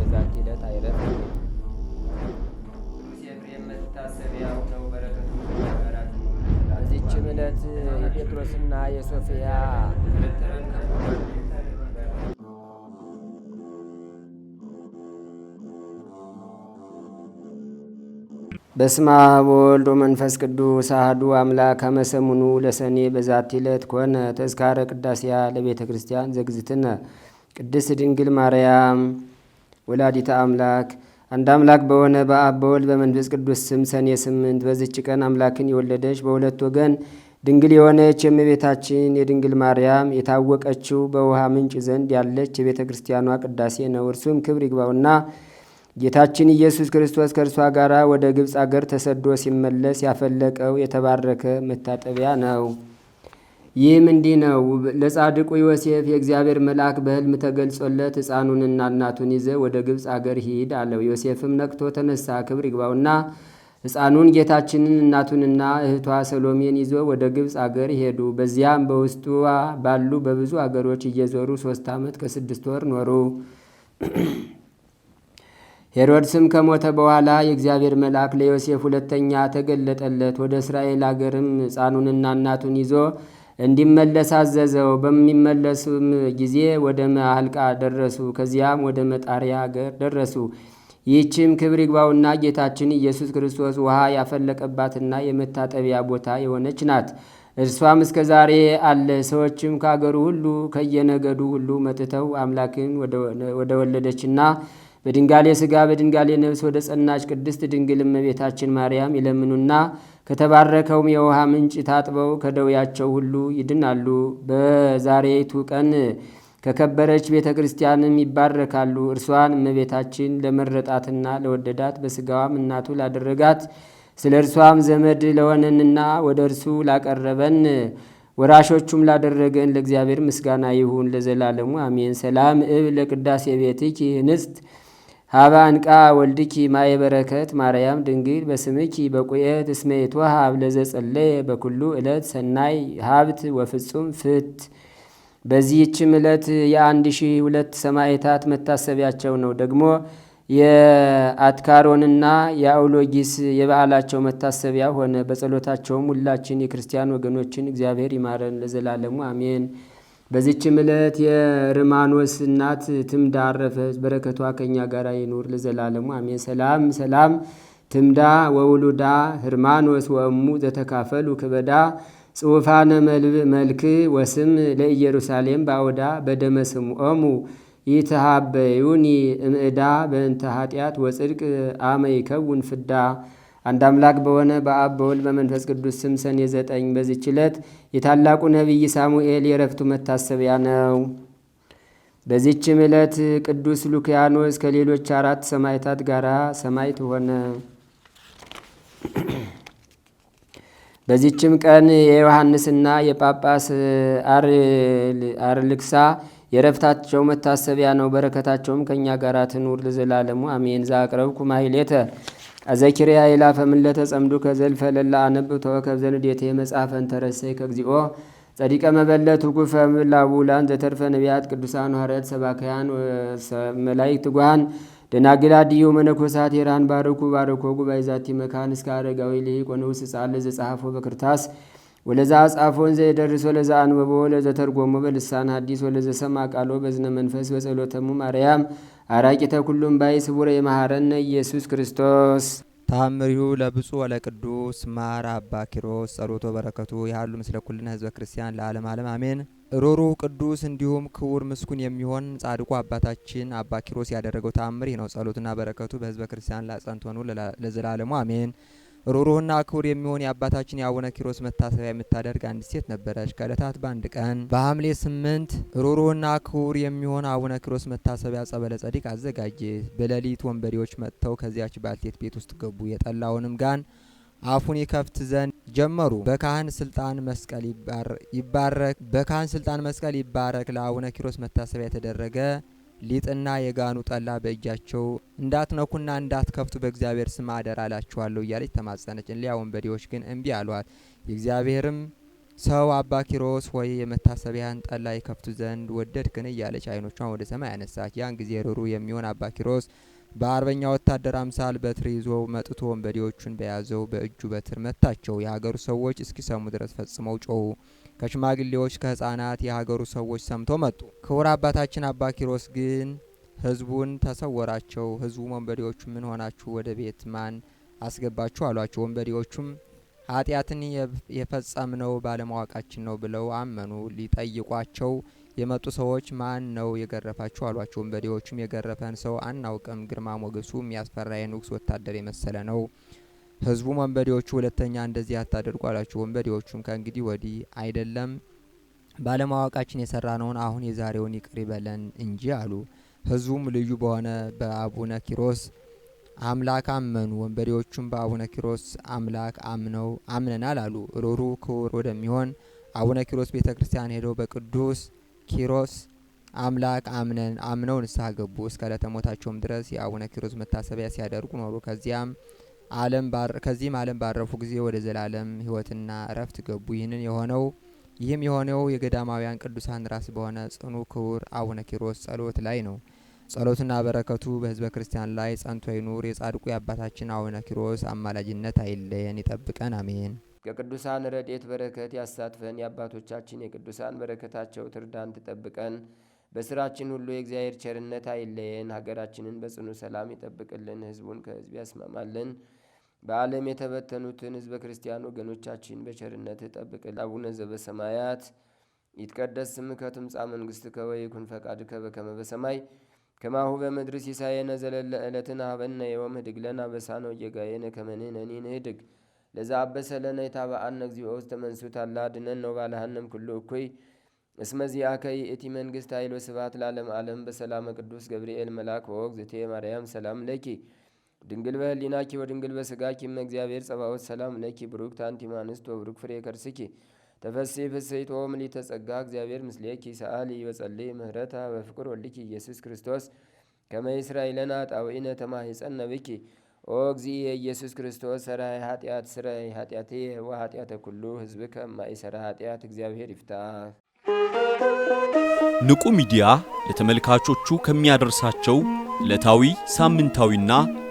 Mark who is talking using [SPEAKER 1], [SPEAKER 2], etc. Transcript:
[SPEAKER 1] የመገዛት ሂደት አይረፍም። ቅዱስ ኤፍሬም በዚችም ዕለት የጴጥሮስና የሶፊያ በስመ አብ ወወልድ ወመንፈስ ቅዱስ አህዱ አምላክ። አመሰሙኑ ለሰኔ በዛቲ ዕለት ኮነ ተዝካረ ቅዳሴያ ለቤተ ክርስቲያን ዘግዝትነ ቅድስት ድንግል ማርያም ወላዲተ አምላክ አንድ አምላክ በሆነ በአብ በወልድ በመንፈስ ቅዱስ ስም ሰኔ ስምንት በዚች ቀን አምላክን የወለደች በሁለት ወገን ድንግል የሆነች የእመቤታችን የድንግል ማርያም የታወቀችው በውሃ ምንጭ ዘንድ ያለች የቤተ ክርስቲያኗ ቅዳሴ ነው። እርሱም ክብር ይግባውና ጌታችን ኢየሱስ ክርስቶስ ከእርሷ ጋር ወደ ግብፅ አገር ተሰዶ ሲመለስ ያፈለቀው የተባረከ መታጠቢያ ነው። ይህም እንዲህ ነው። ለጻድቁ ዮሴፍ የእግዚአብሔር መልአክ በሕልም ተገልጾለት ሕፃኑንና እናቱን ይዘ ወደ ግብፅ አገር ሂድ አለው። ዮሴፍም ነቅቶ ተነሳ፣ ክብር ይግባውና ሕፃኑን ጌታችንን እናቱንና እህቷ ሰሎሜን ይዞ ወደ ግብፅ አገር ሄዱ። በዚያም በውስጧ ባሉ በብዙ አገሮች እየዞሩ ሶስት ዓመት ከስድስት ወር ኖሩ። ሄሮድስም ከሞተ በኋላ የእግዚአብሔር መልአክ ለዮሴፍ ሁለተኛ ተገለጠለት። ወደ እስራኤል አገርም ሕፃኑንና እናቱን ይዞ እንዲመለስ አዘዘው። በሚመለሱም ጊዜ ወደ መአልቃ ደረሱ። ከዚያም ወደ መጣሪያ አገር ደረሱ። ይህችም ክብር ይግባውና ጌታችን ኢየሱስ ክርስቶስ ውሃ ያፈለቀባትና የመታጠቢያ ቦታ የሆነች ናት። እርሷም እስከ ዛሬ አለ። ሰዎችም ከአገሩ ሁሉ ከየነገዱ ሁሉ መጥተው አምላክን ወደ ወለደችና በድንጋሌ ሥጋ በድንጋሌ ነብስ ወደ ጸናች ቅድስት ድንግል እመቤታችን ማርያም ይለምኑና ከተባረከውም የውሃ ምንጭ ታጥበው ከደውያቸው ሁሉ ይድናሉ። በዛሬቱ ቀን ከከበረች ቤተ ክርስቲያንም ይባረካሉ። እርሷን እመቤታችን ለመረጣትና ለወደዳት በስጋዋም እናቱ ላደረጋት ስለ እርሷም ዘመድ ለሆነንና ወደ እርሱ ላቀረበን ወራሾቹም ላደረገን ለእግዚአብሔር ምስጋና ይሁን ለዘላለሙ አሜን። ሰላም እብ ለቅዳሴ ቤትች ይህንስት። ሀበ አንቃ ወልድኪ ማየ በረከት ማርያም ድንግል በስምኪ በቁየት እስሜት ወሃብ ለዘጸለየ በኩሉ ዕለት ሰናይ ሀብት ወፍጹም ፍት። በዚህችም እለት የአንድ ሺ ሁለት ሰማዕታት መታሰቢያቸው ነው። ደግሞ የአትካሮንና የአውሎጊስ የበዓላቸው መታሰቢያ ሆነ። በጸሎታቸውም ሁላችን የክርስቲያን ወገኖችን እግዚአብሔር ይማረን ለዘላለሙ አሜን። በዚችም ዕለት የርማኖስ እናት ትምዳ አረፈች። በረከቷ ከኛ ጋር ይኑር ለዘላለሙ አሜን። ሰላም ሰላም ትምዳ ወውሉዳ ህርማኖስ ወእሙ ዘተካፈሉ ክበዳ ጽሑፋነ መልክ ወስም ለኢየሩሳሌም ባውዳ በደመስም ኦሙ ይትሃበዩኒ እምእዳ በእንተ ኃጢአት ወጽድቅ አመይከውን ፍዳ አንድ አምላክ በሆነ በአብ በወልድ በመንፈስ ቅዱስ ስም ሰኔ ዘጠኝ በዚች ዕለት የታላቁ ነቢይ ሳሙኤል የረፍቱ መታሰቢያ ነው። በዚችም ዕለት ቅዱስ ሉኪያኖስ ከሌሎች አራት ሰማይታት ጋር ሰማይት ሆነ። በዚችም ቀን የዮሐንስና የጳጳስ አርልክሳ የረፍታቸው መታሰቢያ ነው። በረከታቸውም ከእኛ ጋራ ትኑር ለዘላለሙ አሜን። ዛቅረብኩ ማይሌተ አዘኪርያ ይላፈምን ለተጸምዱ ከዘልፈ ለላ አነብ ተወከብ ዘንድ የቴ መጽሐፈን ተረሰይ ከግዚኦ ጸዲቀ መበለት ጉፈ ላቡላን ዘተርፈ ነቢያት ቅዱሳን ሐዋርያት ሰባካያን መላእክት ትጓሃን ደናግል አድዩ መነኮሳት የራን ባረኩ ባረኮ ጉባኤ ዛቲ መካን እስከ አረጋዊ ልሂቅ ወንዑስ ጻለ ዘጸሐፎ በክርታስ ወለዛ ጻፎን ወንዘ ወለዛ አንበቦ ወለዘ ተርጎሞ በልሳን ሐዲስ ወለዘ ሰማ ቃሎ በዝነ መንፈስ በጸሎተሙ ማርያም አራቂ ተኩሉም ባይ ስቡረ የመሐረነ ኢየሱስ ክርስቶስ ታምሪሁ ለብፁዕ ወለቅዱስ ማር አባ ኪሮስ ጸሎቶ በረከቱ ያሉ ምስለ ኩልነ ህዝበ ክርስቲያን ለዓለም ዓለም አሜን። ሩሩህ ቅዱስ እንዲሁም ክቡር ምስኩን የሚሆን ጻድቁ አባታችን አባ ኪሮስ ያደረገው ታምር ነው። ጸሎትና በረከቱ በህዝበ ክርስቲያን ላጸንቶኑ ለዘላለሙ አሜን። ሩሩህና ክቡር የሚሆን የአባታችን የአቡነ ኪሮስ መታሰቢያ የምታደርግ አንድ ሴት ነበረች። ከእለታት በአንድ ቀን በሐምሌ ስምንት ሩሩህና ክቡር የሚሆን አቡነ ኪሮስ መታሰቢያ ጸበለ ጸዲቅ አዘጋጀ። በሌሊት ወንበዴዎች መጥተው ከዚያች ባልቴት ቤት ውስጥ ገቡ። የጠላውንም ጋን አፉን ይከፍት ዘንድ ጀመሩ። በካህን ስልጣን መስቀል ይባረክ በካህን ስልጣን መስቀል ይባረክ ለአቡነ ኪሮስ መታሰቢያ የተደረገ ሊጥና የጋኑ ጠላ በእጃቸው እንዳትነኩና እንዳትከፍቱ በእግዚአብሔር ስም አደራ አላችኋለሁ እያለች ተማጸነች። እንሊያ ወንበዴዎች ግን እምቢ አሏት። የእግዚአብሔርም ሰው አባ ኪሮስ ሆይ የመታሰቢያን ጠላ ይከፍቱ ዘንድ ወደድክን? እያለች አይኖቿን ወደ ሰማይ አነሳች። ያን ጊዜ ርሩ የሚሆን አባ ኪሮስ በአርበኛ ወታደር አምሳል በትር ይዞ መጥቶ ወንበዴዎቹን በያዘው በእጁ በትር መታቸው። የሀገሩ ሰዎች እስኪሰሙ ድረስ ፈጽመው ጮሁ። ከሽማግሌዎች ከህፃናት የሀገሩ ሰዎች ሰምተው መጡ። ክቡር አባታችን አባ ኪሮስ ግን ህዝቡን ተሰወራቸው። ህዝቡ ወንበዴዎቹ ምን ሆናችሁ ወደ ቤት ማን አስገባችሁ አሏቸው። ወንበዴዎቹም ኃጢአትን የፈጸምነው ባለማወቃችን ነው ብለው አመኑ። ሊጠይቋቸው የመጡ ሰዎች ማን ነው የገረፋችሁ አሏቸው። ወንበዴዎቹም የገረፈን ሰው አናውቅም፣ ግርማ ሞገሱ የሚያስፈራ የንጉስ ወታደር የመሰለ ነው ህዝቡም ወንበዴዎቹ ሁለተኛ እንደዚህ አታደርጉ አላቸው። ወንበዴዎቹም ከእንግዲህ ወዲህ አይደለም ባለማወቃችን ነውን አሁን የዛሬውን ይቅር ይበለን እንጂ አሉ። ህዝቡም ልዩ በሆነ በአቡነ ኪሮስ አምላክ አመኑ። ወንበዴዎቹም በአቡነ ኪሮስ አምላክ አምነው አምነናል አሉ። ሩሩ ክቡር ወደሚሆን አቡነ ኪሮስ ቤተ ክርስቲያን ሄደው በቅዱስ ኪሮስ አምላክ አምነን አምነው ንስሐ ገቡ። እስከ ዕለተ ሞታቸውም ድረስ የአቡነ ኪሮስ መታሰቢያ ሲያደርጉ ኖሩ። ከዚያም ዓለም ከዚህም ዓለም ባረፉ ጊዜ ወደ ዘላለም ሕይወትና እረፍት ገቡ። ይህንን የሆነው ይህም የሆነው የገዳማውያን ቅዱሳን ራስ በሆነ ጽኑ ክቡር አቡነ ኪሮስ ጸሎት ላይ ነው። ጸሎትና በረከቱ በሕዝበ ክርስቲያን ላይ ጸንቶ ይኑር። የጻድቁ የአባታችን አቡነ ኪሮስ አማላጅነት አይለየን፣ ይጠብቀን። አሜን። የቅዱሳን ረድኤት በረከት ያሳትፈን። የአባቶቻችን የቅዱሳን በረከታቸው ትርዳን፣ ትጠብቀን። በስራችን ሁሉ የእግዚአብሔር ቸርነት አይለየን። ሀገራችንን በጽኑ ሰላም ይጠብቅልን። ህዝቡን ከህዝብ ያስማማልን። በዓለም የተበተኑትን ህዝበ ክርስቲያን ወገኖቻችን በቸርነት ጠብቅ። አቡነ ዘበሰማያት ይትቀደስ ስምከ ትምጻእ መንግሥትከ ወይኩን ፈቃድከ በከመ በሰማይ ከማሁ በምድር ሲሳየነ ዘለለ ዕለትን ሀበነ ዮም ህድግ ለነ አበሳነ ወጌጋየነ ከመ ንሕነኒ ንህድግ ለዘአበሰለነ የታበአነ እግዚኦ ውስተ መንሱት አላ ነው ባልሃንም ኩሉ እኩይ እስመ ዚአከ ይእቲ መንግሥት ኃይል ወስብሐት ለዓለመ ዓለም በሰላመ ቅዱስ ገብርኤል መልአክ ወእግዝእትየ ማርያም ሰላም ለኪ ድንግል በህሊናኪ ወድንግል በስጋኪ እም እግዚአብሔር ጸባዖት ሰላም ለኪ ብሩክ አንቲ እምአንስት ወብሩክ ፍሬ ከርስኪ ተፈሴ ፍስሕቶ ምልዕተ ጸጋ እግዚአብሔር ምስሌኪ ሰአሊ ወጸልይ ምህረታ በፍቅር ወልኪ ኢየሱስ ክርስቶስ ከመ ይስራኤለነ ጣውዒነ ተማሂፀነ ብኪ ኦ እግዚ ኢየሱስ ክርስቶስ ሰራይ ኃጢአት ስራይ ኃጢአቴ ወኃጢአተ ኩሉ ህዝብ ከማይሰራ ኃጢአት እግዚአብሔር ይፍታ።
[SPEAKER 2] ንቁ ሚዲያ ለተመልካቾቹ ከሚያደርሳቸው ዕለታዊ ሳምንታዊና